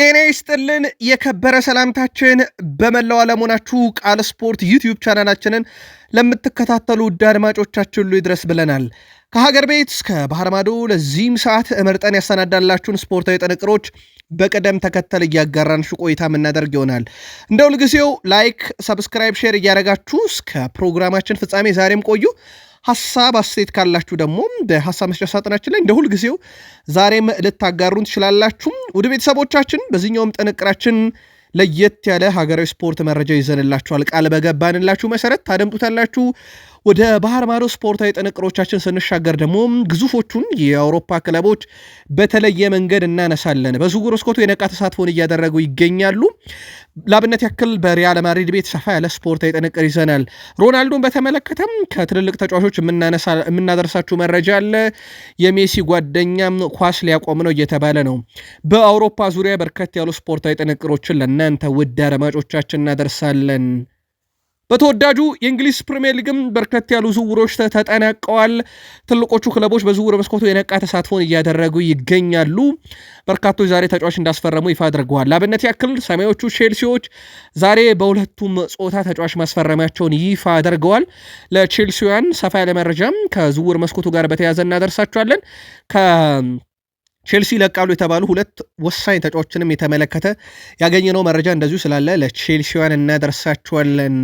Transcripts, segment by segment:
ጤና ይስጥልን የከበረ ሰላምታችን በመላው አለሙናችሁ ቃል ስፖርት ዩቲዩብ ቻናላችንን ለምትከታተሉ ውድ አድማጮቻችን ሁሉ ይድረስ ብለናል። ከሀገር ቤት እስከ ባህር ማዶ ለዚህም ሰዓት መርጠን ያሰናዳላችሁን ስፖርታዊ ጥንቅሮች በቅደም ተከተል እያጋራንሽ ቆይታ የምናደርግ ይሆናል። እንደ ሁልጊዜው ላይክ፣ ሰብስክራይብ፣ ሼር እያደረጋችሁ እስከ ፕሮግራማችን ፍጻሜ ዛሬም ቆዩ። ሀሳብ አስተያየት ካላችሁ ደግሞ በሀሳብ መስጫ ሳጥናችን ላይ እንደ ሁልጊዜው ዛሬም ልታጋሩን ትችላላችሁ። ውድ ቤተሰቦቻችን በዚህኛውም ጥንቅራችን ለየት ያለ ሀገራዊ ስፖርት መረጃ ይዘንላችኋል። ቃል በገባንላችሁ መሰረት ታደምጡታላችሁ። ወደ ባህር ማዶ ስፖርታዊ ጥንቅሮቻችን ስንሻገር ደግሞ ግዙፎቹን የአውሮፓ ክለቦች በተለየ መንገድ እናነሳለን። በዝውውር መስኮቱ የነቃ ተሳትፎን እያደረጉ ይገኛሉ። ላብነት ያክል በሪያል ማድሪድ ቤት ሰፋ ያለ ስፖርታዊ ጥንቅር ይዘናል። ሮናልዶን በተመለከተም ከትልልቅ ተጫዋቾች የምናደርሳችሁ መረጃ አለ። የሜሲ ጓደኛም ኳስ ሊያቆም ነው እየተባለ ነው። በአውሮፓ ዙሪያ በርከት ያሉ ስፖርታዊ ጥንቅሮችን ለእናንተ ውድ አድማጮቻችን እናደርሳለን። በተወዳጁ የእንግሊዝ ፕሪምየር ሊግም በርከት ያሉ ዝውውሮች ተጠናቀዋል። ትልቆቹ ክለቦች በዝውውር መስኮቱ የነቃ ተሳትፎን እያደረጉ ይገኛሉ። በርካቶች ዛሬ ተጫዋች እንዳስፈረሙ ይፋ አድርገዋል። ለአብነት ያክል ሰማዮቹ ቼልሲዎች ዛሬ በሁለቱም ጾታ ተጫዋች ማስፈረሚያቸውን ይፋ አድርገዋል። ለቼልሲውያን ሰፋ ያለ መረጃም ከዝውውር መስኮቱ ጋር በተያያዘ እናደርሳቸዋለን ከ ቼልሲ ይለቃሉ የተባሉ ሁለት ወሳኝ ተጫዋችንም የተመለከተ ያገኘነው መረጃ እንደዚሁ ስላለ ለቼልሲዋን እናደርሳቸዋለን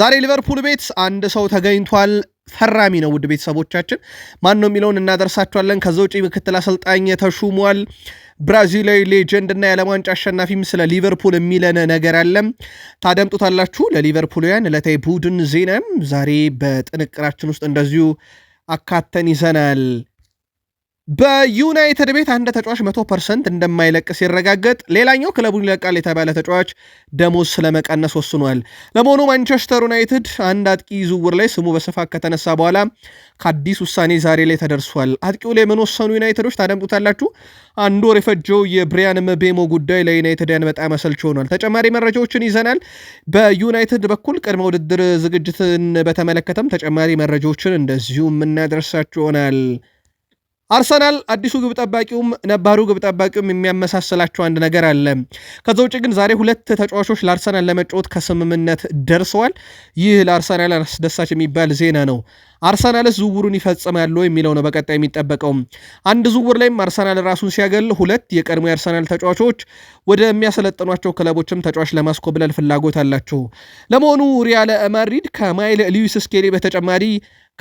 ዛሬ ሊቨርፑል ቤት አንድ ሰው ተገኝቷል። ፈራሚ ነው። ውድ ቤተሰቦቻችን ማን ነው የሚለውን እናደርሳችኋለን ከዛ ውጪ ምክትል አሰልጣኝ ተሹሟል። ብራዚላዊ ሌጀንድ እና የዓለም ዋንጫ አሸናፊም ስለ ሊቨርፑል የሚለን ነገር አለም ታደምጡታላችሁ። ለሊቨርፑልውያን ዕለታዊ ቡድን ዜናም ዛሬ በጥንቅራችን ውስጥ እንደዚሁ አካተን ይዘናል። በዩናይትድ ቤት አንድ ተጫዋች መቶ ፐርሰንት እንደማይለቅ ሲረጋገጥ ሌላኛው ክለቡን ይለቃል የተባለ ተጫዋች ደሞዝ ስለመቀነስ ወስኗል። ለመሆኑ ማንቸስተር ዩናይትድ አንድ አጥቂ ዝውውር ላይ ስሙ በስፋት ከተነሳ በኋላ ከአዲስ ውሳኔ ዛሬ ላይ ተደርሷል። አጥቂው ላይ ምን ወሰኑ ዩናይትዶች ታደምጡታላችሁ። አንድ ወር የፈጀው የብሪያን ምቤሞ ጉዳይ ለዩናይትድያን በጣም አሰልች ሆኗል። ተጨማሪ መረጃዎችን ይዘናል። በዩናይትድ በኩል ቅድመ ውድድር ዝግጅትን በተመለከተም ተጨማሪ መረጃዎችን እንደዚሁ የምናደርሳችሁ ይሆናል። አርሰናል አዲሱ ግብ ጠባቂውም ነባሩ ግብ ጠባቂውም የሚያመሳስላቸው አንድ ነገር አለ። ከዛ ውጭ ግን ዛሬ ሁለት ተጫዋቾች ለአርሰናል ለመጫወት ከስምምነት ደርሰዋል። ይህ ለአርሰናል አስደሳች የሚባል ዜና ነው። አርሰናልስ ዝውውሩን ይፈጽማሉ የሚለው ነው በቀጣይ የሚጠበቀው። አንድ ዝውውር ላይም አርሰናል ራሱን ሲያገል ሁለት የቀድሞ የአርሰናል ተጫዋቾች ወደሚያሰለጥኗቸው ክለቦችም ተጫዋች ለማስኮብለል ፍላጎት አላቸው። ለመሆኑ ሪያል ማድሪድ ከማይል ሉዊስ ስኬሊ በተጨማሪ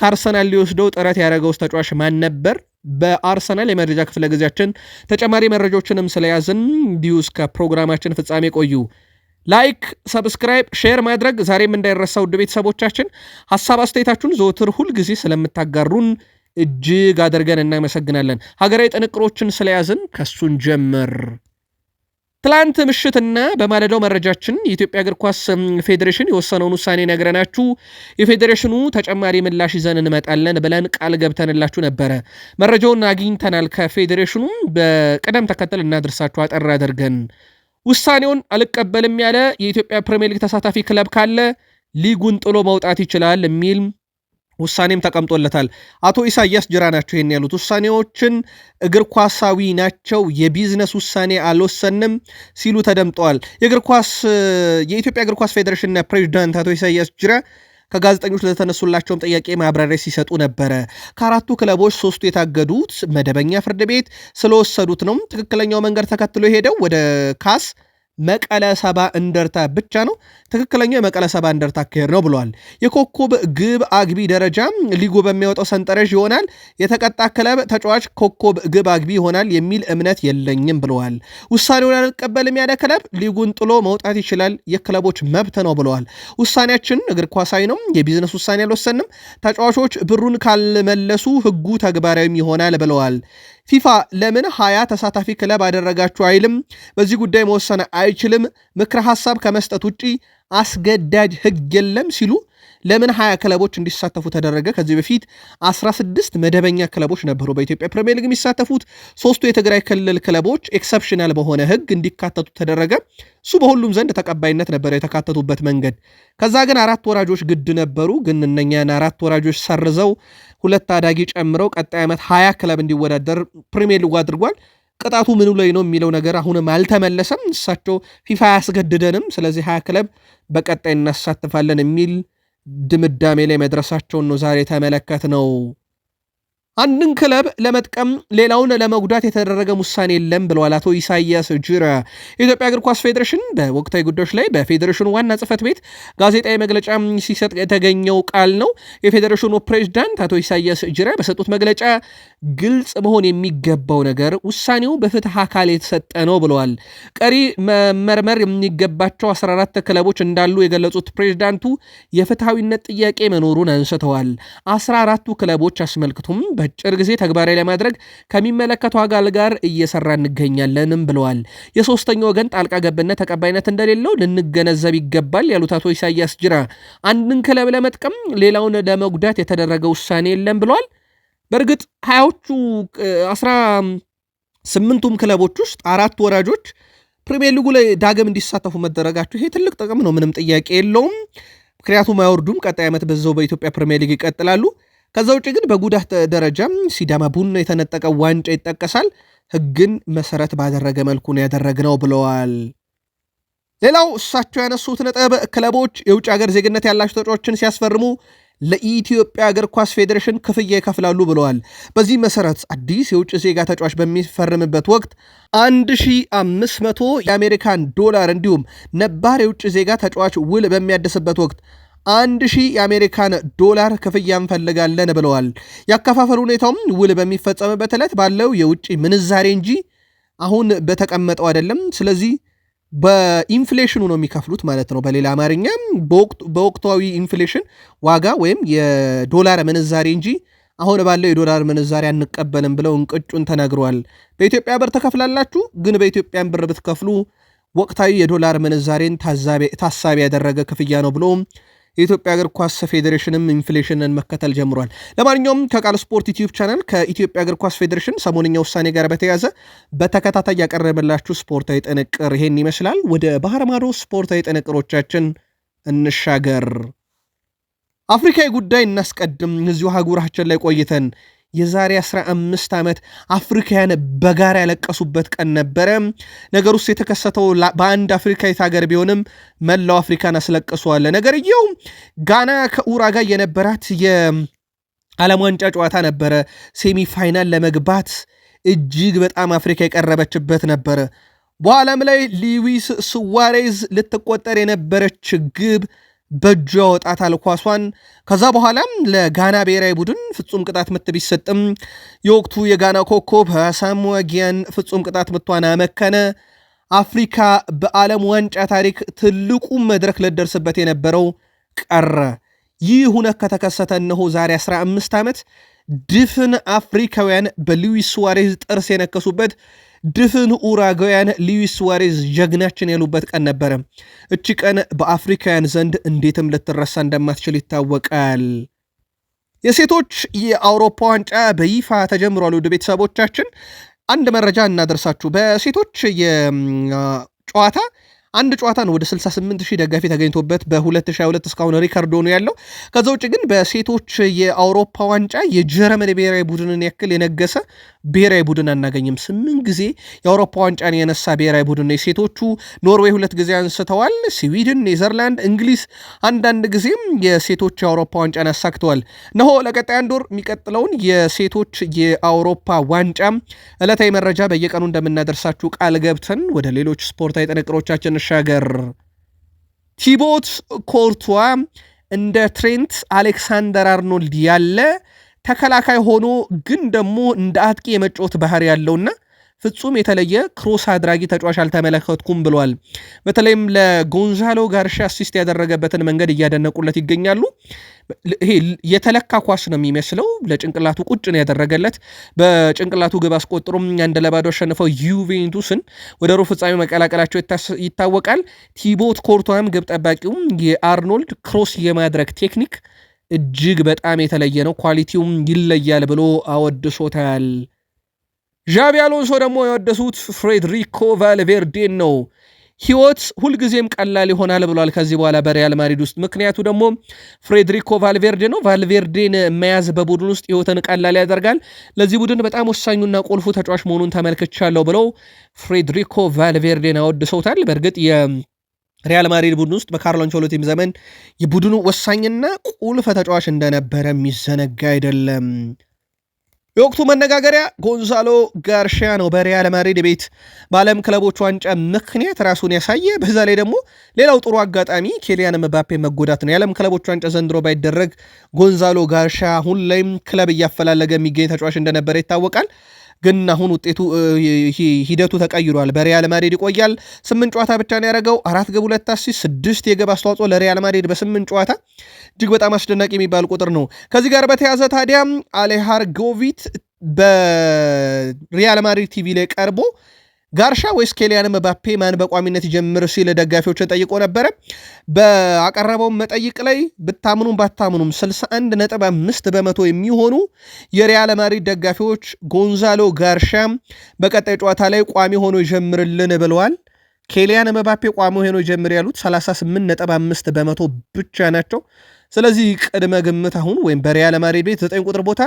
ከአርሰናል ሊወስደው ጥረት ያደረገው ተጫዋች ማን ነበር? በአርሰናል የመረጃ ክፍለ ጊዜያችን ተጨማሪ መረጃዎችንም ስለያዝን እንዲሁ እስከ ፕሮግራማችን ፍጻሜ ቆዩ። ላይክ፣ ሰብስክራይብ፣ ሼር ማድረግ ዛሬም እንዳይረሳ። ውድ ቤተሰቦቻችን ሀሳብ አስተያየታችሁን ዘወትር ሁልጊዜ ስለምታጋሩን እጅግ አድርገን እናመሰግናለን። ሀገራዊ ጥንቅሮችን ስለያዝን ከሱን ጀምር ትላንት ምሽትና በማለዳው መረጃችን የኢትዮጵያ እግር ኳስ ፌዴሬሽን የወሰነውን ውሳኔ ነግረናችሁ የፌዴሬሽኑ ተጨማሪ ምላሽ ይዘን እንመጣለን ብለን ቃል ገብተንላችሁ ነበረ። መረጃውን አግኝተናል ከፌዴሬሽኑ። በቅደም ተከተል እናደርሳችሁ አጠር አድርገን። ውሳኔውን አልቀበልም ያለ የኢትዮጵያ ፕሪምየር ሊግ ተሳታፊ ክለብ ካለ ሊጉን ጥሎ መውጣት ይችላል የሚል ውሳኔም ተቀምጦለታል። አቶ ኢሳያስ ጅራ ናቸው ይህን ያሉት። ውሳኔዎችን እግር ኳሳዊ ናቸው፣ የቢዝነስ ውሳኔ አልወሰንም ሲሉ ተደምጠዋል። የእግር ኳስ የኢትዮጵያ እግር ኳስ ፌዴሬሽንና ፕሬዚዳንት አቶ ኢሳያስ ጅራ ከጋዜጠኞች ለተነሱላቸውም ጥያቄ ማብራሪያ ሲሰጡ ነበረ። ከአራቱ ክለቦች ሶስቱ የታገዱት መደበኛ ፍርድ ቤት ስለወሰዱት ነው። ትክክለኛው መንገድ ተከትሎ ሄደው ወደ ካስ መቀለ ሰባ እንደርታ ብቻ ነው። ትክክለኛው የመቀለ ሰባ እንደርታ አካሄድ ነው ብለዋል። የኮከብ ግብ አግቢ ደረጃ ሊጉ በሚያወጣው ሰንጠረዥ ይሆናል። የተቀጣ ክለብ ተጫዋች ኮከብ ግብ አግቢ ይሆናል የሚል እምነት የለኝም ብለዋል። ውሳኔውን አልቀበልም ያለ ክለብ ሊጉን ጥሎ መውጣት ይችላል፣ የክለቦች መብት ነው ብለዋል። ውሳኔያችን እግር ኳሳዊ ነው። የቢዝነስ ውሳኔ አልወሰንም። ተጫዋቾች ብሩን ካልመለሱ ህጉ ተግባራዊም ይሆናል ብለዋል። ፊፋ ለምን ሀያ ተሳታፊ ክለብ አደረጋችሁ አይልም። በዚህ ጉዳይ መወሰን አይችልም። ምክረ ሀሳብ ከመስጠት ውጪ አስገዳጅ ህግ የለም ሲሉ ለምን ሀያ ክለቦች እንዲሳተፉ ተደረገ? ከዚህ በፊት 16 መደበኛ ክለቦች ነበሩ በኢትዮጵያ ፕሪሚየር ሊግ የሚሳተፉት። ሶስቱ የትግራይ ክልል ክለቦች ኤክሰፕሽናል በሆነ ህግ እንዲካተቱ ተደረገ። እሱ በሁሉም ዘንድ ተቀባይነት ነበረ የተካተቱበት መንገድ። ከዛ ግን አራት ወራጆች ግድ ነበሩ። ግን እነኛን አራት ወራጆች ሰርዘው ሁለት ታዳጊ ጨምረው ቀጣይ ዓመት ሀያ ክለብ እንዲወዳደር ፕሪሚየር ሊጉ አድርጓል። ቅጣቱ ምኑ ላይ ነው የሚለው ነገር አሁንም አልተመለሰም። እሳቸው ፊፋ አያስገድደንም፣ ስለዚህ ሀያ ክለብ በቀጣይ እናሳትፋለን የሚል ድምዳሜ ላይ መድረሳቸውን ነው ዛሬ ነው። አንድን ክለብ ለመጥቀም ሌላውን ለመጉዳት የተደረገ ውሳኔ የለም ብለዋል አቶ ኢሳያስ ጅራ። የኢትዮጵያ እግር ኳስ ፌዴሬሽን በወቅታዊ ጉዳዮች ላይ በፌዴሬሽኑ ዋና ጽህፈት ቤት ጋዜጣዊ መግለጫ ሲሰጥ የተገኘው ቃል ነው። የፌዴሬሽኑ ፕሬዚዳንት አቶ ኢሳያስ ጅራ በሰጡት መግለጫ ግልጽ መሆን የሚገባው ነገር ውሳኔው በፍትህ አካል የተሰጠ ነው ብለዋል። ቀሪ መመርመር የሚገባቸው 14 ክለቦች እንዳሉ የገለጹት ፕሬዚዳንቱ የፍትሐዊነት ጥያቄ መኖሩን አንስተዋል። 14ቱ ክለቦች አስመልክቱም በ በአጭር ጊዜ ተግባራዊ ለማድረግ ከሚመለከቱ አጋል ጋር እየሰራ እንገኛለንም ብለዋል። የሶስተኛ ወገን ጣልቃ ገብነት ተቀባይነት እንደሌለው ልንገነዘብ ይገባል ያሉት አቶ ኢሳያስ ጅራ አንድን ክለብ ለመጥቀም ሌላውን ለመጉዳት የተደረገ ውሳኔ የለም ብለዋል። በእርግጥ ሀያዎቹ አስራ ስምንቱም ክለቦች ውስጥ አራት ወራጆች ፕሪሚየር ሊጉ ላይ ዳግም እንዲሳተፉ መደረጋቸው ይሄ ትልቅ ጥቅም ነው፣ ምንም ጥያቄ የለውም። ምክንያቱም አይወርዱም። ቀጣይ ዓመት በዛው በኢትዮጵያ ፕሪሚየር ሊግ ይቀጥላሉ። ከዛ ውጭ ግን በጉዳት ደረጃ ሲዳማ ቡና የተነጠቀ ዋንጫ ይጠቀሳል። ህግን መሰረት ባደረገ መልኩ ነው ያደረግነው ብለዋል። ሌላው እሳቸው ያነሱት ነጥብ ክለቦች የውጭ ሀገር ዜግነት ያላቸው ተጫዋቾችን ሲያስፈርሙ ለኢትዮጵያ እግር ኳስ ፌዴሬሽን ክፍያ ይከፍላሉ ብለዋል። በዚህ መሰረት አዲስ የውጭ ዜጋ ተጫዋች በሚፈርምበት ወቅት 1500 የአሜሪካን ዶላር እንዲሁም ነባር የውጭ ዜጋ ተጫዋች ውል በሚያድስበት ወቅት አንድ ሺህ የአሜሪካን ዶላር ክፍያ እንፈልጋለን ብለዋል። ያከፋፈል ሁኔታውም ውል በሚፈጸምበት ዕለት ባለው የውጭ ምንዛሬ እንጂ አሁን በተቀመጠው አይደለም። ስለዚህ በኢንፍሌሽኑ ነው የሚከፍሉት ማለት ነው። በሌላ አማርኛ በወቅታዊ ኢንፍሌሽን ዋጋ ወይም የዶላር ምንዛሬ እንጂ አሁን ባለው የዶላር ምንዛሬ አንቀበልም ብለው እንቅጩን ተናግረዋል። በኢትዮጵያ ብር ተከፍላላችሁ፣ ግን በኢትዮጵያን ብር ብትከፍሉ ወቅታዊ የዶላር ምንዛሬን ታሳቢ ያደረገ ክፍያ ነው ብሎ የኢትዮጵያ እግር ኳስ ፌዴሬሽንም ኢንፍሌሽንን መከተል ጀምሯል። ለማንኛውም ከቃል ስፖርት ዩቲዩብ ቻናል ከኢትዮጵያ እግር ኳስ ፌዴሬሽን ሰሞንኛ ውሳኔ ጋር በተያዘ በተከታታይ ያቀረበላችሁ ስፖርታዊ ጥንቅር ይሄን ይመስላል። ወደ ባህረ ማዶ ስፖርታዊ ጥንቅሮቻችን እንሻገር። አፍሪካዊ ጉዳይ እናስቀድም። እዚሁ አህጉራችን ላይ ቆይተን የዛሬ 15 ዓመት አፍሪካውያን በጋራ ያለቀሱበት ቀን ነበረ። ነገር ውስጥ የተከሰተው በአንድ አፍሪካዊት ሀገር ቢሆንም መላው አፍሪካን አስለቅሷል። ነገርየው ጋና ጋር የነበራት የዓለም ዋንጫ ጨዋታ ነበረ። ሴሚ ፋይናል ለመግባት እጅግ በጣም አፍሪካ የቀረበችበት ነበረ። በኋላም ላይ ሊዊስ ስዋሬዝ ልትቆጠር የነበረች ግብ በእጁ ያወጣታል ኳሷን። ከዛ በኋላም ለጋና ብሔራዊ ቡድን ፍጹም ቅጣት ምት ቢሰጥም የወቅቱ የጋና ኮከብ ሳሙዋ ጊያን ፍጹም ቅጣት ምቷን አመከነ። አፍሪካ በዓለም ዋንጫ ታሪክ ትልቁ መድረክ ልደርስበት የነበረው ቀረ። ይህ ሁነት ከተከሰተ እነሆ ዛሬ 15 ዓመት ድፍን አፍሪካውያን በሉዊስ ሱዋሬዝ ጥርስ የነከሱበት ድፍን ኡራጋውያን ሉዊስ ሱዋሬዝ ጀግናችን ያሉበት ቀን ነበረ። እቺ ቀን በአፍሪካውያን ዘንድ እንዴትም ልትረሳ እንደማትችል ይታወቃል። የሴቶች የአውሮፓ ዋንጫ በይፋ ተጀምሯል። ውድ ቤተሰቦቻችን አንድ መረጃ እናደርሳችሁ። በሴቶች የጨዋታ አንድ ጨዋታ ነው ወደ 68 ሺህ ደጋፊ ተገኝቶበት በ2022 እስካሁን ሪከርድ ሆኖ ያለው። ከዛ ውጭ ግን በሴቶች የአውሮፓ ዋንጫ የጀርመን ብሔራዊ ቡድንን ያክል የነገሰ ብሔራዊ ቡድን አናገኝም። ስምንት ጊዜ የአውሮፓ ዋንጫን የነሳ ብሔራዊ ቡድን ነው። የሴቶቹ ኖርዌይ ሁለት ጊዜ አንስተዋል፣ ስዊድን፣ ኔዘርላንድ፣ እንግሊዝ አንዳንድ ጊዜም የሴቶች የአውሮፓ ዋንጫን አሳክተዋል። ነሆ ለቀጣይ አንድ ወር የሚቀጥለውን የሴቶች የአውሮፓ ዋንጫ ዕለታዊ መረጃ በየቀኑ እንደምናደርሳችሁ ቃል ገብተን ወደ ሌሎች ስፖርታዊ ጥንቅሮቻችን እንሻገር። ቲቦት ኮርቷ እንደ ትሬንት አሌክሳንደር አርኖልድ ያለ ተከላካይ ሆኖ ግን ደግሞ እንደ አጥቂ የመጫወት ባህሪ ያለውና ፍጹም የተለየ ክሮስ አድራጊ ተጫዋች አልተመለከትኩም ብሏል። በተለይም ለጎንዛሎ ጋርሻ አሲስት ያደረገበትን መንገድ እያደነቁለት ይገኛሉ። ይሄ የተለካ ኳስ ነው የሚመስለው። ለጭንቅላቱ ቁጭ ነው ያደረገለት። በጭንቅላቱ ግብ አስቆጥሮም አንድ ለባዶ አሸንፈው ዩቬንቱስን ወደ ሩብ ፍጻሜ መቀላቀላቸው ይታወቃል። ቲቦት ኮርቷም ግብ ጠባቂውም የአርኖልድ ክሮስ የማድረግ ቴክኒክ እጅግ በጣም የተለየ ነው፣ ኳሊቲውም ይለያል ብሎ አወድሶታል። ዣቢ አሎንሶ ደግሞ ያወደሱት ፍሬድሪኮ ቫልቬርዴን ነው። ህይወት ሁልጊዜም ቀላል ይሆናል ብሏል ከዚህ በኋላ በሪያል ማድሪድ ውስጥ። ምክንያቱ ደግሞ ፍሬድሪኮ ቫልቬርዴ ነው። ቫልቬርዴን መያዝ በቡድን ውስጥ ህይወትን ቀላል ያደርጋል፣ ለዚህ ቡድን በጣም ወሳኙና ቁልፉ ተጫዋች መሆኑን ተመልክቻለሁ ብለው ፍሬድሪኮ ቫልቬርዴን አወድሰውታል። በእርግጥ ሪያል ማድሪድ ቡድን ውስጥ በካርሎ አንቸሎቲም ዘመን የቡድኑ ወሳኝና ቁልፍ ተጫዋች እንደነበረ የሚዘነጋ አይደለም። የወቅቱ መነጋገሪያ ጎንዛሎ ጋርሺያ ነው። በሪያል ማድሪድ ቤት በዓለም ክለቦች ዋንጫ ምክንያት ራሱን ያሳየ፣ በዛ ላይ ደግሞ ሌላው ጥሩ አጋጣሚ ኬሊያን መባፔ መጎዳት ነው። የዓለም ክለቦች ዋንጫ ዘንድሮ ባይደረግ ጎንዛሎ ጋርሺያ አሁን ላይም ክለብ እያፈላለገ የሚገኝ ተጫዋች እንደነበረ ይታወቃል። ግን አሁን ውጤቱ ሂደቱ ተቀይሯል። በሪያል ማድሪድ ይቆያል። ስምንት ጨዋታ ብቻ ነው ያደረገው። አራት ግብ፣ ሁለት አሲስት፣ ስድስት የግብ አስተዋጽኦ ለሪያል ማድሪድ በስምንት ጨዋታ እጅግ በጣም አስደናቂ የሚባል ቁጥር ነው። ከዚህ ጋር በተያዘ ታዲያ አሌሃር ጎቪት በሪያል ማድሪድ ቲቪ ላይ ቀርቦ ጋርሻ ወይስ ኬሊያን መባፔ ማን በቋሚነት ይጀምር ሲል ደጋፊዎችን ጠይቆ ነበረ። በአቀረበው መጠይቅ ላይ ብታምኑም ባታምኑም 61 ነጥብ 5 በመቶ የሚሆኑ የሪያል ማድሪድ ደጋፊዎች ጎንዛሎ ጋርሻ በቀጣይ ጨዋታ ላይ ቋሚ ሆኖ ይጀምርልን ብለዋል። ኬሊያን መባፔ ቋሚ ሆኖ ይጀምር ያሉት 38 ነጥብ 5 በመቶ ብቻ ናቸው። ስለዚህ ቅድመ ግምት አሁን ወይም በሪያል ማድሪድ ቤት 9 ቁጥር ቦታ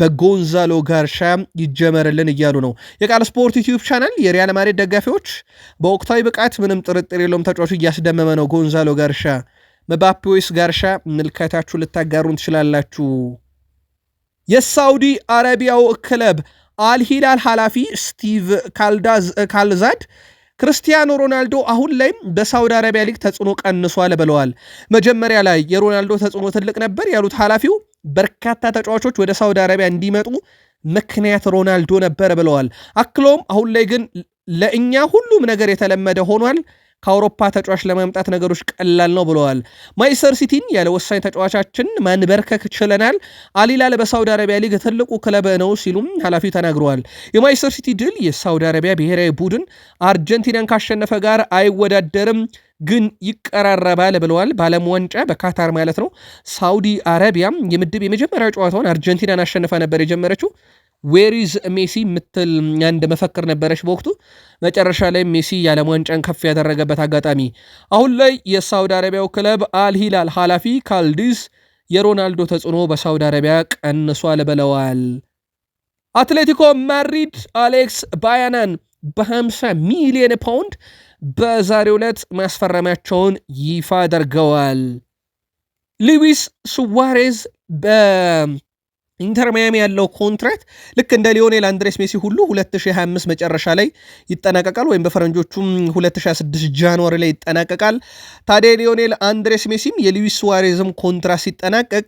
በጎንዛሎ ጋርሻ ይጀመርልን እያሉ ነው። የቃል ስፖርት ዩቲዩብ ቻናል የሪያል ማድሪድ ደጋፊዎች በወቅታዊ ብቃት ምንም ጥርጥር የለውም ተጫዋቹ እያስደመመ ነው ጎንዛሎ ጋርሻ መባፔ ወይስ ጋርሻ ምልከታችሁ ልታጋሩን ትችላላችሁ። የሳውዲ አረቢያው ክለብ አልሂላል ኃላፊ ስቲቭ ካልዛድ ክርስቲያኖ ሮናልዶ አሁን ላይም በሳውዲ አረቢያ ሊግ ተጽዕኖ ቀንሷል ብለዋል። መጀመሪያ ላይ የሮናልዶ ተጽዕኖ ትልቅ ነበር ያሉት ኃላፊው በርካታ ተጫዋቾች ወደ ሳውዲ አረቢያ እንዲመጡ ምክንያት ሮናልዶ ነበር ብለዋል። አክሎም አሁን ላይ ግን ለእኛ ሁሉም ነገር የተለመደ ሆኗል ከአውሮፓ ተጫዋች ለማምጣት ነገሮች ቀላል ነው ብለዋል። ማይሰር ሲቲን ያለ ወሳኝ ተጫዋቻችን ማንበርከክ ችለናል። አሊላል በሳውዲ አረቢያ ሊግ ትልቁ ክለብ ነው ሲሉም ኃላፊው ተናግረዋል። የማይሰር ሲቲ ድል የሳውዲ አረቢያ ብሔራዊ ቡድን አርጀንቲናን ካሸነፈ ጋር አይወዳደርም ግን ይቀራረባል ብለዋል። በዓለም ዋንጫ በካታር ማለት ነው ሳውዲ አረቢያ የምድብ የመጀመሪያ ጨዋታውን አርጀንቲናን አሸንፋ ነበር የጀመረችው። ዌሪዝ ሜሲ የምትል አንድ መፈክር ነበረች በወቅቱ። መጨረሻ ላይ ሜሲ የዓለም ዋንጫን ከፍ ያደረገበት አጋጣሚ። አሁን ላይ የሳውዲ አረቢያው ክለብ አልሂላል ኃላፊ ካልዲስ የሮናልዶ ተጽዕኖ በሳውዲ አረቢያ ቀንሷል ብለዋል። አትሌቲኮ ማድሪድ አሌክስ ባያናን በ50 ሚሊየን ፓውንድ በዛሬው ዕለት ማስፈረሚያቸውን ይፋ አድርገዋል። ሉዊስ ሱዋሬዝ ኢንተር ማያሚ ያለው ኮንትራት ልክ እንደ ሊዮኔል አንድሬስ ሜሲ ሁሉ 2025 መጨረሻ ላይ ይጠናቀቃል ወይም በፈረንጆቹም 2026 ጃንዋሪ ላይ ይጠናቀቃል። ታዲያ የሊዮኔል አንድሬስ ሜሲም የሉዊስ ሱዋሬዝም ኮንትራት ሲጠናቀቅ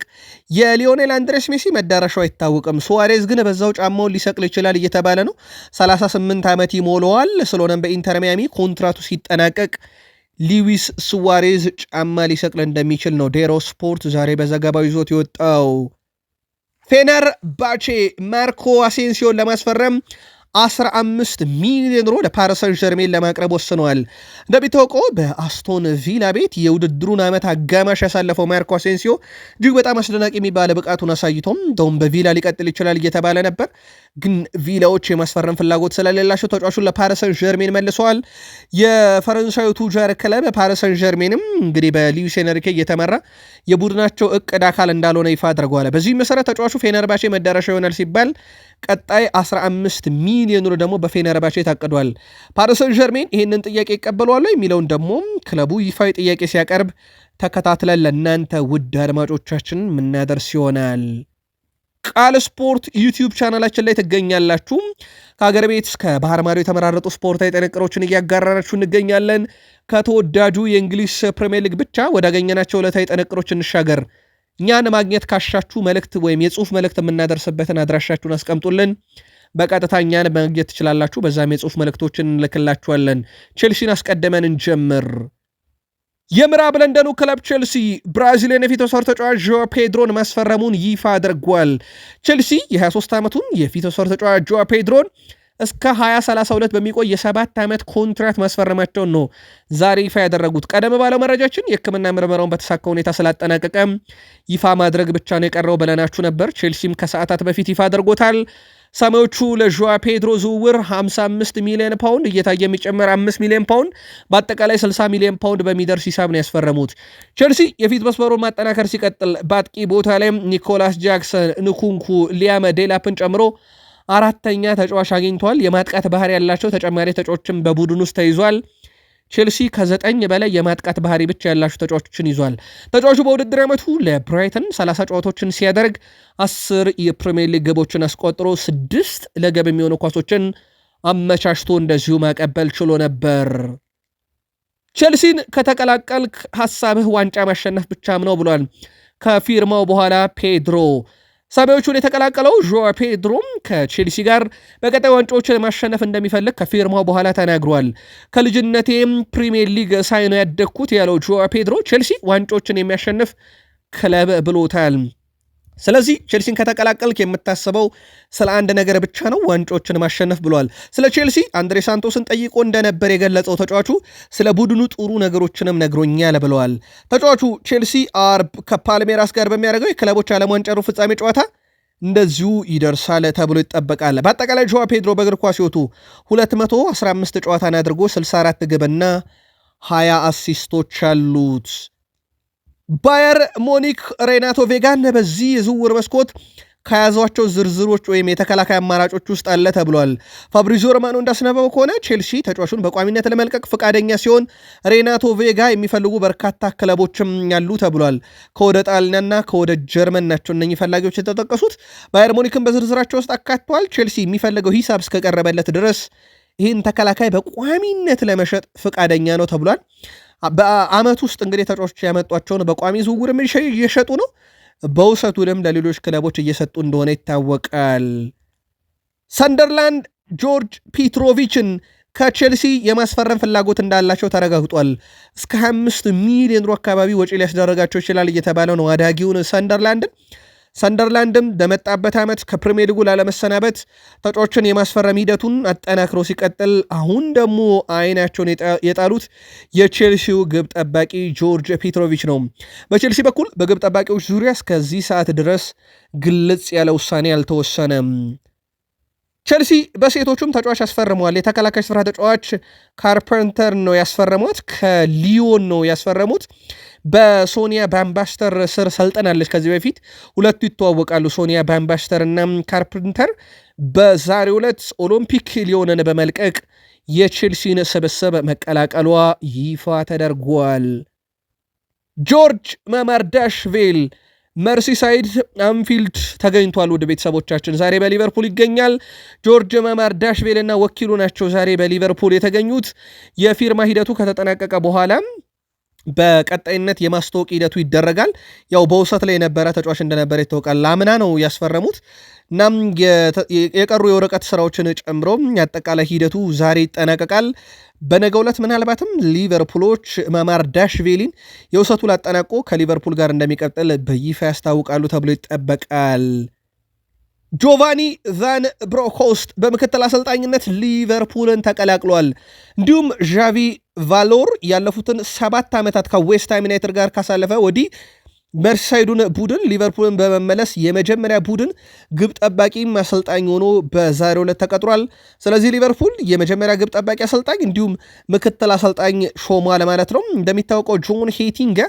የሊዮኔል አንድሬስ ሜሲ መዳረሻው አይታወቅም። ሱዋሬዝ ግን በዛው ጫማውን ሊሰቅል ይችላል እየተባለ ነው። 38 ዓመት ይሞለዋል። ስለሆነም በኢንተር ማያሚ ኮንትራቱ ሲጠናቀቅ ሉዊስ ሱዋሬዝ ጫማ ሊሰቅል እንደሚችል ነው ዴሮ ስፖርት ዛሬ በዘገባው ይዞት የወጣው። ፌነር ባቼ ማርኮ አሴንሲዮን ለማስፈረም 15 ሚሊዮን ሮ ለፓሪሰን ጀርሜን ለማቅረብ ወስነዋል። እንደሚታወቀው በአስቶን ቪላ ቤት የውድድሩን ዓመት አጋማሽ ያሳለፈው ማርኮ አሴንሲዮ እጅግ በጣም አስደናቂ የሚባለ ብቃቱን አሳይቶም እንደውም በቪላ ሊቀጥል ይችላል እየተባለ ነበር። ግን ቪላዎች የማስፈረም ፍላጎት ስለሌላቸው ተጫዋቹን ለፓሪሰን ጀርሜን መልሰዋል። የፈረንሳዩ ቱጃር ክለብ ፓሪሰን ጀርሜንም እንግዲህ በሉዊስ ኤንሪኬ እየተመራ የቡድናቸው እቅድ አካል እንዳልሆነ ይፋ አድርገዋል። በዚህ መሰረት ተጫዋቹ ፌነርባቼ መዳረሻ ይሆናል ሲባል ቀጣይ 15 ሚሊዮን ዩሮ ደግሞ በፌነርባቼ ታቅዷል። ፓሪሰን ጀርሜን ይህንን ጥያቄ ይቀበሏሉ የሚለውን ደግሞ ክለቡ ይፋዊ ጥያቄ ሲያቀርብ ተከታትለን ለእናንተ ውድ አድማጮቻችን ምናደርስ ይሆናል። ቃል ስፖርት ዩቲዩብ ቻናላችን ላይ ትገኛላችሁ። ከሀገር ቤት እስከ ባህር ማዶ የተመራረጡ ስፖርታዊ ጥንቅሮችን እያጋራናችሁ እንገኛለን። ከተወዳጁ የእንግሊዝ ፕሪምየር ሊግ ብቻ ወዳገኘናቸው ዕለታዊ ጥንቅሮች እንሻገር። እኛን ማግኘት ካሻችሁ መልእክት ወይም የጽሁፍ መልእክት የምናደርስበትን አድራሻችሁን አስቀምጡልን። በቀጥታ እኛን ማግኘት ትችላላችሁ። በዛም የጽሁፍ መልእክቶችን እንልክላችኋለን። ቼልሲን አስቀድመን እንጀምር። የምዕራብ ለንደኑ ክለብ ቼልሲ ብራዚልን የፊት መስመር ተጫዋች ዦ ፔድሮን ማስፈረሙን ይፋ አድርጓል። ቼልሲ የ23 ዓመቱን የፊት መስመር ተጫዋች ዦ ፔድሮን እስከ 2032 በሚቆይ የሰባት ዓመት ኮንትራት ማስፈረማቸውን ነው ዛሬ ይፋ ያደረጉት። ቀደም ባለው መረጃችን የሕክምና ምርመራውን በተሳካ ሁኔታ ስላጠናቀቀ ይፋ ማድረግ ብቻ ነው የቀረው ብለናችሁ ነበር። ቼልሲም ከሰዓታት በፊት ይፋ አድርጎታል። ሰማዮቹ ለዦዋ ፔድሮ ዝውውር 55 ሚሊዮን ፓውንድ እየታየ የሚጨመር 5 ሚሊዮን ፓውንድ በአጠቃላይ 60 ሚሊዮን ፓውንድ በሚደርስ ሂሳብ ነው ያስፈረሙት። ቸልሲ የፊት መስመሩን ማጠናከር ሲቀጥል በአጥቂ ቦታ ላይም ኒኮላስ ጃክሰን፣ ንኩንኩ፣ ሊያመ ዴላፕን ጨምሮ አራተኛ ተጫዋች አግኝቷል። የማጥቃት ባህሪ ያላቸው ተጨማሪ ተጫዋቾችን በቡድን ውስጥ ተይዟል። ቼልሲ ከዘጠኝ በላይ የማጥቃት ባህሪ ብቻ ያላቸው ተጫዋቾችን ይዟል። ተጫዋቹ በውድድር ዓመቱ ለብራይተን 30 ጨዋታዎችን ሲያደርግ አስር የፕሪሚየር ሊግ ግቦችን አስቆጥሮ ስድስት ለገብ የሚሆኑ ኳሶችን አመቻችቶ እንደዚሁ ማቀበል ችሎ ነበር። ቼልሲን ከተቀላቀልክ ሐሳብህ ዋንጫ ማሸነፍ ብቻም ነው ብሏል። ከፊርማው በኋላ ፔድሮ ሳቢዎቹን የተቀላቀለው ዦዋ ፔድሮም ከቼልሲ ጋር በቀጣይ ዋንጫዎችን ማሸነፍ እንደሚፈልግ ከፊርማው በኋላ ተናግሯል። ከልጅነቴም ፕሪሚየር ሊግ ሳይ ነው ያደግኩት ያለው ዦዋ ፔድሮ ቼልሲ ዋንጫዎችን የሚያሸንፍ ክለብ ብሎታል። ስለዚህ ቼልሲን ከተቀላቀልክ የምታስበው ስለ አንድ ነገር ብቻ ነው፣ ዋንጮችን ማሸነፍ ብሏል። ስለ ቼልሲ አንድሬ ሳንቶስን ጠይቆ እንደነበር የገለጸው ተጫዋቹ ስለ ቡድኑ ጥሩ ነገሮችንም ነግሮኛል ብለዋል። ተጫዋቹ ቼልሲ አርብ ከፓልሜራስ ጋር በሚያደርገው የክለቦች ዓለም ዋንጫ ሩብ ፍጻሜ ጨዋታ እንደዚሁ ይደርሳል ተብሎ ይጠበቃል። በአጠቃላይ ጆዋ ፔድሮ በእግር ኳስ ሕይወቱ 215 ጨዋታን አድርጎ 64 ግብና 20 አሲስቶች አሉት። ባየር ሞኒክ ሬናቶ ቬጋን በዚህ የዝውውር መስኮት ከያዟቸው ዝርዝሮች ወይም የተከላካይ አማራጮች ውስጥ አለ ተብሏል። ፋብሪዞ ሮማኖ እንዳስነበበው ከሆነ ቼልሲ ተጫዋቹን በቋሚነት ለመልቀቅ ፈቃደኛ ሲሆን ሬናቶ ቬጋ የሚፈልጉ በርካታ ክለቦችም ያሉ ተብሏል። ከወደ ጣሊያንና ከወደ ጀርመን ናቸው እነኚህ ፈላጊዎች የተጠቀሱት። ባየር ሞኒክን በዝርዝራቸው ውስጥ አካቷል። ቼልሲ የሚፈልገው ሂሳብ እስከቀረበለት ድረስ ይህን ተከላካይ በቋሚነት ለመሸጥ ፈቃደኛ ነው ተብሏል። በአመት ውስጥ እንግዲህ ተጫዋቾች ያመጧቸውን በቋሚ ዝውውርም እየሸጡ ነው፣ በውሰቱንም ለሌሎች ክለቦች እየሰጡ እንደሆነ ይታወቃል። ሰንደርላንድ ጆርጅ ፒትሮቪችን ከቼልሲ የማስፈረም ፍላጎት እንዳላቸው ተረጋግጧል። እስከ 25 ሚሊዮን ዩሮ አካባቢ ወጪ ሊያስደረጋቸው ይችላል እየተባለ ነው አዳጊውን ሰንደርላንድን ሰንደርላንድም በመጣበት ዓመት ከፕሪምየር ሊጉ ላለመሰናበት ተጫዎችን የማስፈረም ሂደቱን አጠናክሮ ሲቀጥል አሁን ደግሞ አይናቸውን የጣሉት የቼልሲው ግብ ጠባቂ ጆርጅ ፔትሮቪች ነው። በቼልሲ በኩል በግብ ጠባቂዎች ዙሪያ እስከዚህ ሰዓት ድረስ ግልጽ ያለ ውሳኔ አልተወሰነም። ቸልሲ በሴቶቹም ተጫዋች ያስፈርመዋል። የተከላካይ ስፍራ ተጫዋች ካርፐንተር ነው ያስፈረሙት ከሊዮን ነው ያስፈረሙት። በሶኒያ ባምባስተር ስር ሰልጠናለች ከዚህ በፊት ሁለቱ ይተዋወቃሉ፣ ሶኒያ ባምባስተር እና ካርፐንተር። በዛሬ ዕለት ኦሎምፒክ ሊዮንን በመልቀቅ የቼልሲን ስብስብ መቀላቀሏ ይፋ ተደርጓል። ጆርጅ ማማርዳሽቬል መርሲሳይድ አንፊልድ ተገኝቷል። ውድ ቤተሰቦቻችን ዛሬ በሊቨርፑል ይገኛል። ጆርጅ መማር ዳሽቤልና ወኪሉ ናቸው ዛሬ በሊቨርፑል የተገኙት። የፊርማ ሂደቱ ከተጠናቀቀ በኋላም በቀጣይነት የማስታወቅ ሂደቱ ይደረጋል። ያው በውሰት ላይ የነበረ ተጫዋች እንደነበረ ይታወቃል። ላምና ነው ያስፈረሙት። እናም የቀሩ የወረቀት ስራዎችን ጨምሮ አጠቃላይ ሂደቱ ዛሬ ይጠናቀቃል። በነገው ዕለት ምናልባትም ሊቨርፑሎች ማማር ዳሽቬሊን የውሰቱ ላጠናቆ ከሊቨርፑል ጋር እንደሚቀጥል በይፋ ያስታውቃሉ ተብሎ ይጠበቃል። ጆቫኒ ቫን ብሮኮስት በምክትል አሰልጣኝነት ሊቨርፑልን ተቀላቅሏል። እንዲሁም ዣቪ ቫሎር ያለፉትን ሰባት ዓመታት ከዌስትሃም ዩናይትድ ጋር ካሳለፈ ወዲህ መርሳይዱን ቡድን ሊቨርፑልን በመመለስ የመጀመሪያ ቡድን ግብ ጠባቂ አሰልጣኝ ሆኖ በዛሬው ዕለት ተቀጥሯል። ስለዚህ ሊቨርፑል የመጀመሪያ ግብ ጠባቂ አሰልጣኝ እንዲሁም ምክትል አሰልጣኝ ሾማ ለማለት ነው። እንደሚታወቀው ጆን ሄቲንገ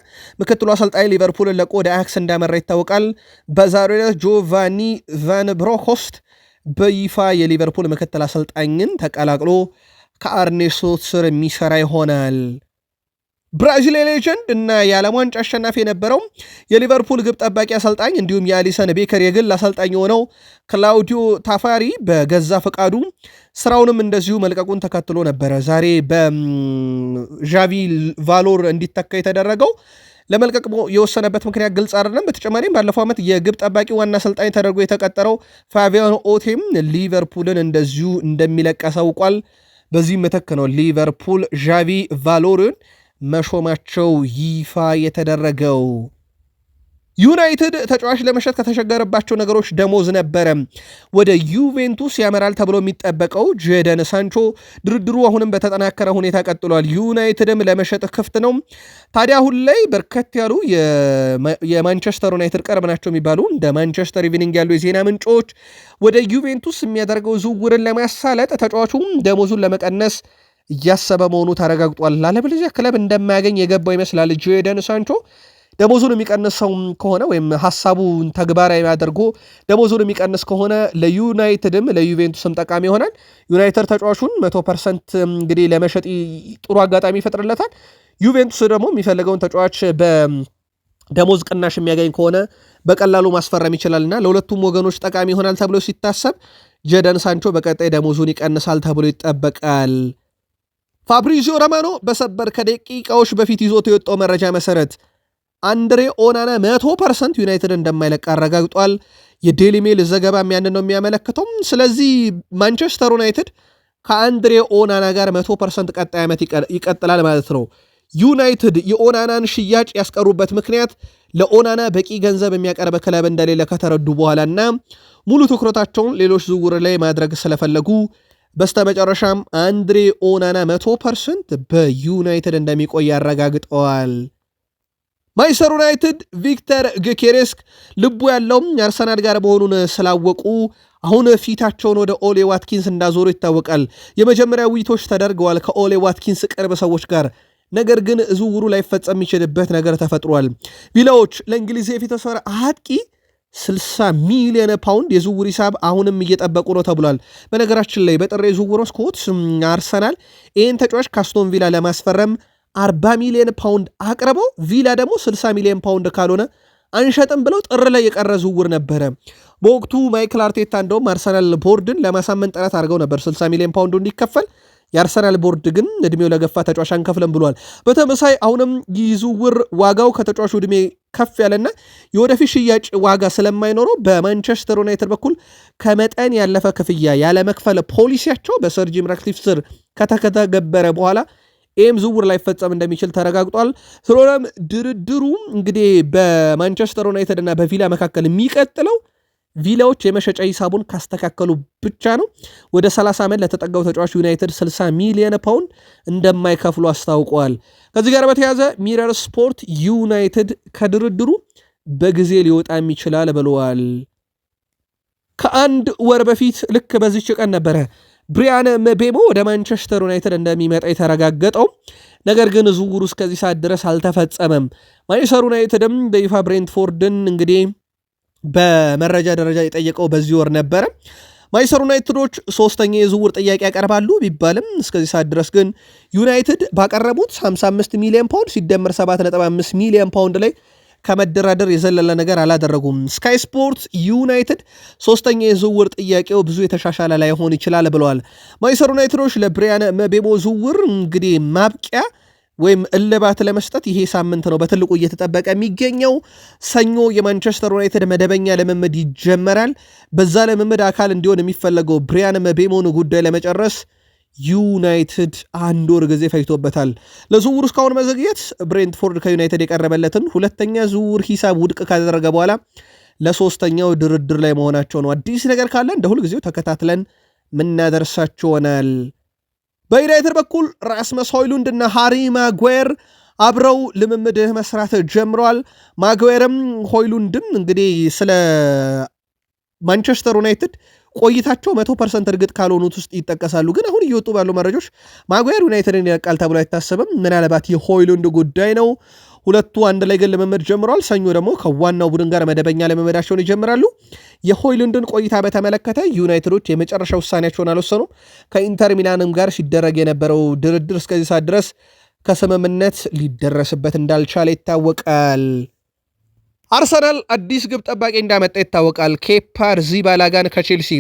ምክትሉ አሰልጣኝ ሊቨርፑልን ለቆ ወደ አያክስ እንዳመራ ይታወቃል። በዛሬው ዕለት ጆቫኒ ቫን ብሮኮስት በይፋ የሊቨርፑል ምክትል አሰልጣኝን ተቀላቅሎ ከአርኔ ስሎት ስር የሚሰራ ይሆናል። ብራዚል ሌጀንድ እና የዓለም ዋንጫ አሸናፊ የነበረው የሊቨርፑል ግብ ጠባቂ አሰልጣኝ እንዲሁም የአሊሰን ቤከር የግል አሰልጣኝ የሆነው ክላውዲዮ ታፋሪ በገዛ ፈቃዱ ስራውንም እንደዚሁ መልቀቁን ተከትሎ ነበረ ዛሬ በዣቪ ቫሎር እንዲተካ የተደረገው። ለመልቀቅ የወሰነበት ምክንያት ግልጽ አይደለም። በተጨማሪም ባለፈው ዓመት የግብ ጠባቂ ዋና አሰልጣኝ ተደርጎ የተቀጠረው ፋቪያን ኦቴም ሊቨርፑልን እንደዚሁ እንደሚለቅ አሳውቋል። በዚህ ምትክ ነው ሊቨርፑል ዣቪ ቫሎርን መሾማቸው ይፋ የተደረገው። ዩናይትድ ተጫዋች ለመሸጥ ከተቸገረባቸው ነገሮች ደሞዝ ነበረ። ወደ ዩቬንቱስ ያመራል ተብሎ የሚጠበቀው ጄደን ሳንቾ ድርድሩ አሁንም በተጠናከረ ሁኔታ ቀጥሏል። ዩናይትድም ለመሸጥ ክፍት ነው። ታዲያ አሁን ላይ በርከት ያሉ የማንቸስተር ዩናይትድ ቅርብ ናቸው የሚባሉ እንደ ማንቸስተር ኢቪኒንግ ያሉ የዜና ምንጮች ወደ ዩቬንቱስ የሚያደርገው ዝውውርን ለማሳለጥ ተጫዋቹም ደሞዙን ለመቀነስ እያሰበ መሆኑ ተረጋግጧል። አለበለዚያ ክለብ እንደማያገኝ የገባው ይመስላል ጆደን ሳንቾ ደሞዙን የሚቀንሰው ከሆነ ወይም ሀሳቡን ተግባራዊ አድርጎ ደሞዙን የሚቀንስ ከሆነ ለዩናይትድም ለዩቬንቱስም ጠቃሚ ይሆናል። ዩናይትድ ተጫዋቹን መቶ ፐርሰንት እንግዲህ ለመሸጥ ጥሩ አጋጣሚ ይፈጥርለታል። ዩቬንቱስ ደግሞ የሚፈልገውን ተጫዋች በደሞዝ ቅናሽ የሚያገኝ ከሆነ በቀላሉ ማስፈረም ይችላልና ለሁለቱም ወገኖች ጠቃሚ ይሆናል ተብሎ ሲታሰብ ጀደን ሳንቾ በቀጣይ ደሞዙን ይቀንሳል ተብሎ ይጠበቃል። ፋብሪዚዮ ረመኖ በሰበር ከደቂቃዎች በፊት ይዞት የወጣው መረጃ መሰረት አንድሬ ኦናና 100 ፐርሰንት ዩናይትድ እንደማይለቅ አረጋግጧል። የዴሊ ሜል ዘገባም ያንን ነው የሚያመለክተውም። ስለዚህ ማንቸስተር ዩናይትድ ከአንድሬ ኦናና ጋር 100 ፐርሰንት ቀጣይ ዓመት ይቀጥላል ማለት ነው። ዩናይትድ የኦናናን ሽያጭ ያስቀሩበት ምክንያት ለኦናና በቂ ገንዘብ የሚያቀርብ ክለብ እንደሌለ ከተረዱ በኋላና ሙሉ ትኩረታቸውን ሌሎች ዝውውር ላይ ማድረግ ስለፈለጉ በስተመጨረሻም አንድሬ ኦናና መቶ ፐርሰንት በዩናይትድ እንደሚቆይ አረጋግጠዋል። ማይሰር ዩናይትድ ቪክተር ግኬሬስክ ልቡ ያለውም አርሰናል ጋር መሆኑን ስላወቁ አሁን ፊታቸውን ወደ ኦሌ ዋትኪንስ እንዳዞሩ ይታወቃል። የመጀመሪያ ውይይቶች ተደርገዋል ከኦሌ ዋትኪንስ ቅርብ ሰዎች ጋር። ነገር ግን ዝውውሩ ላይፈጸም የሚችልበት ነገር ተፈጥሯል። ቪላዎች ለእንግሊዝ የፊት መስመር አጥቂ 60 ሚሊዮን ፓውንድ የዝውውር ሂሳብ አሁንም እየጠበቁ ነው ተብሏል። በነገራችን ላይ በጥር የዝውውር መስኮት አርሰናል ይህን ተጫዋች ካስቶን ቪላ ለማስፈረም 40 ሚሊዮን ፓውንድ አቅርበው ቪላ ደግሞ 60 ሚሊዮን ፓውንድ ካልሆነ አንሸጥም ብለው ጥር ላይ የቀረ ዝውውር ነበረ። በወቅቱ ማይክል አርቴታ እንደውም አርሰናል ቦርድን ለማሳመን ጥረት አድርገው ነበር 60 ሚሊዮን ፓውንዱ እንዲከፈል የአርሰናል ቦርድ ግን እድሜው ለገፋ ተጫዋች አንከፍለም ብሏል። በተመሳይ አሁንም ይዝውር ዋጋው ከተጫዋቹ እድሜ ከፍ ያለና የወደፊት ሽያጭ ዋጋ ስለማይኖረው በማንቸስተር ዩናይትድ በኩል ከመጠን ያለፈ ክፍያ ያለመክፈል ፖሊሲያቸው በሰር ጂም ራትክሊፍ ስር ከተተገበረ በኋላ ይህም ዝውውር ላይፈጸም እንደሚችል ተረጋግጧል። ስለሆነም ድርድሩ እንግዲህ በማንቸስተር ዩናይትድ እና በቪላ መካከል የሚቀጥለው ቪላዎች የመሸጫ ሂሳቡን ካስተካከሉ ብቻ ነው ወደ 30 ዓመት ለተጠጋው ተጫዋች ዩናይትድ 60 ሚሊዮን ፓውንድ እንደማይከፍሉ አስታውቀዋል። ከዚህ ጋር በተያያዘ ሚረር ስፖርት ዩናይትድ ከድርድሩ በጊዜ ሊወጣም ይችላል ብለዋል። ከአንድ ወር በፊት ልክ በዚች ቀን ነበረ ብሪያን መቤሞ ወደ ማንቸስተር ዩናይትድ እንደሚመጣ የተረጋገጠው። ነገር ግን ዝውውሩ እስከዚህ ሰዓት ድረስ አልተፈጸመም። ማንቸስተር ዩናይትድም በይፋ ብሬንትፎርድን እንግዲህ በመረጃ ደረጃ የጠየቀው በዚህ ወር ነበረ። ማንቸስተር ዩናይትዶች ሶስተኛ የዝውውር ጥያቄ ያቀርባሉ ቢባልም እስከዚህ ሰዓት ድረስ ግን ዩናይትድ ባቀረቡት 55 ሚሊዮን ፓውንድ ሲደመር 7.5 ሚሊዮን ፓውንድ ላይ ከመደራደር የዘለለ ነገር አላደረጉም። ስካይ ስፖርት ዩናይትድ ሶስተኛ የዝውውር ጥያቄው ብዙ የተሻሻለ ላይሆን ይችላል ብለዋል። ማንቸስተር ዩናይትዶች ለብሪያን መቤሞ ዝውውር እንግዲህ ማብቂያ ወይም እልባት ለመስጠት ይሄ ሳምንት ነው በትልቁ እየተጠበቀ የሚገኘው። ሰኞ የማንቸስተር ዩናይትድ መደበኛ ልምምድ ይጀመራል። በዛ ልምምድ አካል እንዲሆን የሚፈለገው ብሪያን ምቤሞን ጉዳይ ለመጨረስ ዩናይትድ አንድ ወር ጊዜ ፈጅቶበታል። ለዝውውሩ እስካሁን መዘግየት ብሬንትፎርድ ከዩናይትድ የቀረበለትን ሁለተኛ ዝውውር ሂሳብ ውድቅ ካደረገ በኋላ ለሶስተኛው ድርድር ላይ መሆናቸው ነው። አዲስ ነገር ካለ እንደ ሁልጊዜው ተከታትለን ምናደርሳችኋል። በዩናይትድ በኩል ራስመስ ሆይሉንድ እና ሃሪ ማጓየር አብረው ልምምድ መስራት ጀምረዋል። ማጓየርም ሆይሉንድም እንግዲህ ስለ ማንቸስተር ዩናይትድ ቆይታቸው መቶ ፐርሰንት እርግጥ ካልሆኑት ውስጥ ይጠቀሳሉ። ግን አሁን እየወጡ ባሉ መረጃዎች ማጓየር ዩናይትድን ይለቃል ተብሎ አይታሰብም። ምናልባት የሆይሉንድ ጉዳይ ነው። ሁለቱ አንድ ላይ ግን ልምምድ ጀምረዋል። ሰኞ ደግሞ ከዋናው ቡድን ጋር መደበኛ ልምምዳቸውን ይጀምራሉ። የሆይልንድን ቆይታ በተመለከተ ዩናይትዶች የመጨረሻ ውሳኔያቸውን አልወሰኑም። ከኢንተር ሚላንም ጋር ሲደረግ የነበረው ድርድር እስከዚህ ሰዓት ድረስ ከስምምነት ሊደረስበት እንዳልቻለ ይታወቃል። አርሰናል አዲስ ግብ ጠባቂ እንዳመጣ ይታወቃል። ኬፓ አሪዛባላጋን ከቼልሲ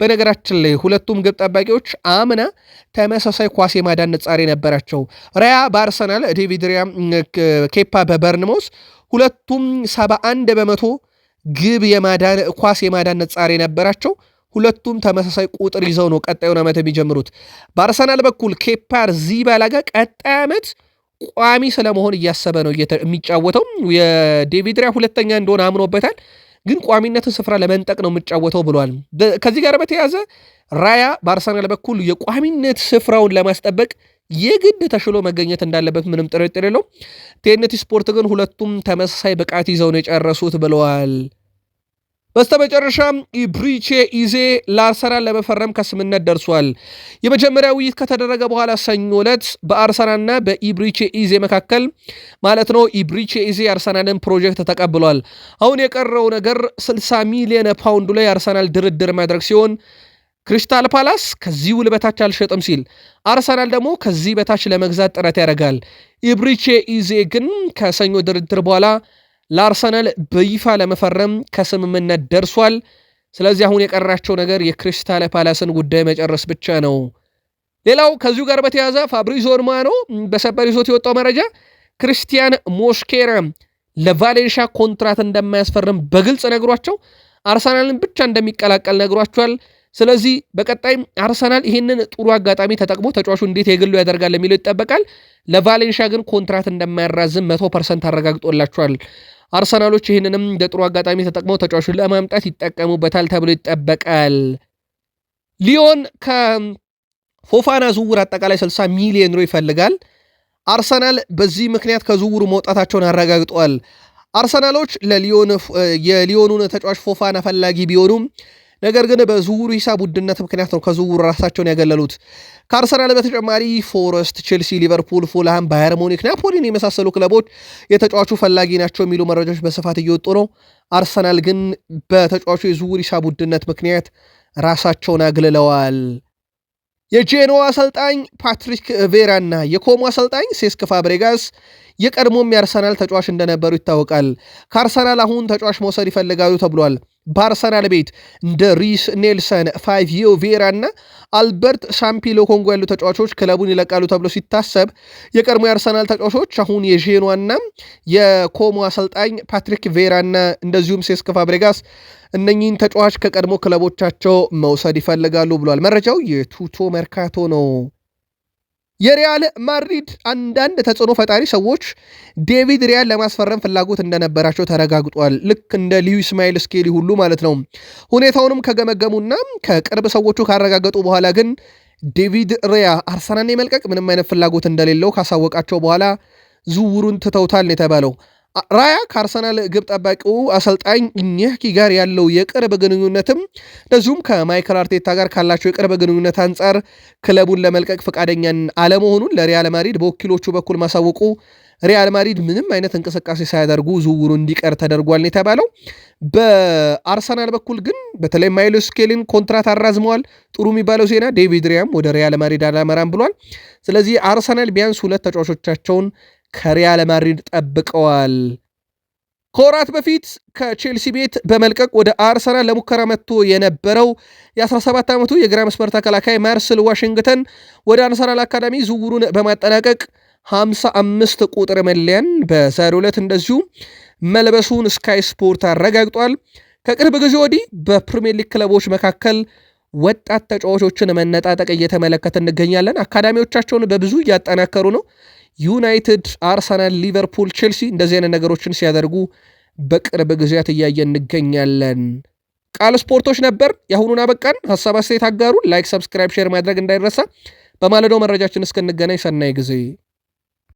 በነገራችን ላይ ሁለቱም ግብ ጠባቂዎች አምና ተመሳሳይ ኳስ የማዳን ንጻሬ ነበራቸው። ሪያ በአርሰናል ዴቪድ ሪያ፣ ኬፓ በበርንሞስ ሁለቱም 71 በመቶ ግብ የማዳን ኳስ የማዳን ንጻሬ ነበራቸው። ሁለቱም ተመሳሳይ ቁጥር ይዘው ነው ቀጣዩን ዓመት የሚጀምሩት። በአርሰናል በኩል ኬፓ አሪዛባላጋ ቀጣይ ዓመት ቋሚ ስለመሆን እያሰበ ነው የሚጫወተው። የዴቪድ ራያ ሁለተኛ እንደሆነ አምኖበታል፣ ግን ቋሚነትን ስፍራ ለመንጠቅ ነው የምጫወተው ብሏል። ከዚህ ጋር በተያዘ ራያ በአርሰናል በኩል የቋሚነት ስፍራውን ለማስጠበቅ የግድ ተሽሎ መገኘት እንዳለበት ምንም ጥርጥር የለውም። ቴንቲ ስፖርት ግን ሁለቱም ተመሳሳይ ብቃት ይዘው ነው የጨረሱት ብለዋል። በስተመጨረሻም ኢብሪቼ ኢዜ ለአርሰናል ለመፈረም ከስምነት ደርሷል። የመጀመሪያ ውይይት ከተደረገ በኋላ ሰኞ ዕለት በአርሰናልና በኢብሪቼ ኢዜ መካከል ማለት ነው ኢብሪቼ ኢዜ የአርሰናልን ፕሮጀክት ተቀብሏል። አሁን የቀረው ነገር 60 ሚሊዮን ፓውንድ ላይ የአርሰናል ድርድር ማድረግ ሲሆን ክሪስታል ፓላስ ከዚህ ውል በታች አልሸጥም ሲል አርሰናል ደግሞ ከዚህ በታች ለመግዛት ጥረት ያደርጋል። ኢብሪቼ ኢዜ ግን ከሰኞ ድርድር በኋላ ለአርሰናል በይፋ ለመፈረም ከስምምነት ደርሷል። ስለዚህ አሁን የቀራቸው ነገር የክሪስታል ፓላስን ጉዳይ መጨረስ ብቻ ነው። ሌላው ከዚሁ ጋር በተያዘ ፋብሪዞ ሮማኖ በሰበር ይዞት የወጣው መረጃ ክሪስቲያን ሞስኬራ ለቫሌንሻ ኮንትራት እንደማያስፈርም በግልጽ ነግሯቸው አርሰናልን ብቻ እንደሚቀላቀል ነግሯቸዋል። ስለዚህ በቀጣይም አርሰናል ይህንን ጥሩ አጋጣሚ ተጠቅሞ ተጫዋቹ እንዴት የግሉ ያደርጋል የሚለው ይጠበቃል። ለቫሌንሻ ግን ኮንትራት እንደማያራዝም መቶ ፐርሰንት አረጋግጦላቸዋል። አርሰናሎች ይህንንም እንደ ጥሩ አጋጣሚ ተጠቅመው ተጫዋቹን ለማምጣት ይጠቀሙበታል ተብሎ ይጠበቃል። ሊዮን ከፎፋና ዝውውር አጠቃላይ 60 ሚሊዮን ዩሮ ይፈልጋል። አርሰናል በዚህ ምክንያት ከዝውውሩ መውጣታቸውን አረጋግጧል። አርሰናሎች የሊዮኑን ተጫዋች ፎፋና ፈላጊ ቢሆኑም ነገር ግን በዝውውሩ ሂሳብ ውድነት ምክንያት ነው ከዝውውሩ ራሳቸውን ያገለሉት። ከአርሰናል በተጨማሪ ፎረስት፣ ቼልሲ፣ ሊቨርፑል፣ ፉልሃም፣ ባየር ሙኒክ፣ ናፖሊን የመሳሰሉ ክለቦች የተጫዋቹ ፈላጊ ናቸው የሚሉ መረጃዎች በስፋት እየወጡ ነው። አርሰናል ግን በተጫዋቹ የዝውውር ሂሳብ ውድነት ምክንያት ራሳቸውን አግልለዋል። የጄኖዋ አሰልጣኝ ፓትሪክ ቬራና የኮሞ አሰልጣኝ ሴስክ ፋብሬጋስ የቀድሞም የአርሰናል ተጫዋች እንደነበሩ ይታወቃል። ከአርሰናል አሁን ተጫዋች መውሰድ ይፈልጋሉ ተብሏል። በአርሰናል ቤት እንደ ሪስ ኔልሰን፣ ፋይቪዮ ቬራ እና አልበርት ሳምፒሎ ኮንጎ ያሉ ተጫዋቾች ክለቡን ይለቃሉ ተብሎ ሲታሰብ የቀድሞ የአርሰናል ተጫዋቾች አሁን የዤኗና የኮሞ አሰልጣኝ ፓትሪክ ቬራና እንደዚሁም ሴስክ ፋብሬጋስ እነኚህን ተጫዋች ከቀድሞ ክለቦቻቸው መውሰድ ይፈልጋሉ ብሏል። መረጃው የቱቶ መርካቶ ነው። የሪያል ማድሪድ አንዳንድ ተጽዕኖ ፈጣሪ ሰዎች ዴቪድ ሪያል ለማስፈረም ፍላጎት እንደነበራቸው ተረጋግጧል። ልክ እንደ ሊዩ ማይል ስኬሊ ሁሉ ማለት ነው። ሁኔታውንም ከገመገሙና ከቅርብ ሰዎቹ ካረጋገጡ በኋላ ግን ዴቪድ ሪያ አርሰናን የመልቀቅ ምንም አይነት ፍላጎት እንደሌለው ካሳወቃቸው በኋላ ዝውውሩን ትተውታል የተባለው ራያ ከአርሰናል ግብ ጠባቂው አሰልጣኝ ኢንያኪ ጋር ያለው የቅርብ ግንኙነትም እንደዚሁም ከማይክል አርቴታ ጋር ካላቸው የቅርብ ግንኙነት አንጻር ክለቡን ለመልቀቅ ፈቃደኛን አለመሆኑን ለሪያል ማድሪድ በወኪሎቹ በኩል ማሳወቁ ሪያል ማድሪድ ምንም አይነት እንቅስቃሴ ሳያደርጉ ዝውውሩ እንዲቀር ተደርጓል ነው የተባለው። በአርሰናል በኩል ግን በተለይ ማይልስ ስኬሊን ኮንትራት አራዝመዋል። ጥሩ የሚባለው ዜና ዴቪድ ሪያም ወደ ሪያል ማድሪድ አላመራም ብሏል። ስለዚህ አርሰናል ቢያንስ ሁለት ተጫዋቾቻቸውን ከሪያል ማድሪድ ጠብቀዋል። ከወራት በፊት ከቼልሲ ቤት በመልቀቅ ወደ አርሰናል ለሙከራ መጥቶ የነበረው የ17 ዓመቱ የግራ መስመር ተከላካይ ማርስል ዋሽንግተን ወደ አርሰናል አካዳሚ ዝውውሩን በማጠናቀቅ 55 ቁጥር መለያን በዛሬው ዕለት እንደዚሁ መልበሱን ስካይ ስፖርት አረጋግጧል። ከቅርብ ጊዜ ወዲህ በፕሪሚየር ሊግ ክለቦች መካከል ወጣት ተጫዋቾችን መነጣጠቅ እየተመለከት እንገኛለን። አካዳሚዎቻቸውን በብዙ እያጠናከሩ ነው። ዩናይትድ፣ አርሰናል፣ ሊቨርፑል፣ ቼልሲ እንደዚህ አይነት ነገሮችን ሲያደርጉ በቅርብ ጊዜያት እያየ እንገኛለን። ቃል ስፖርቶች ነበር። የአሁኑን አበቃን። ሀሳብ አስተያየት ላይክ፣ ሰብስክራይብ፣ ሼር ማድረግ እንዳይረሳ። በማለዳው መረጃችን እስክንገናኝ ሰናይ ጊዜ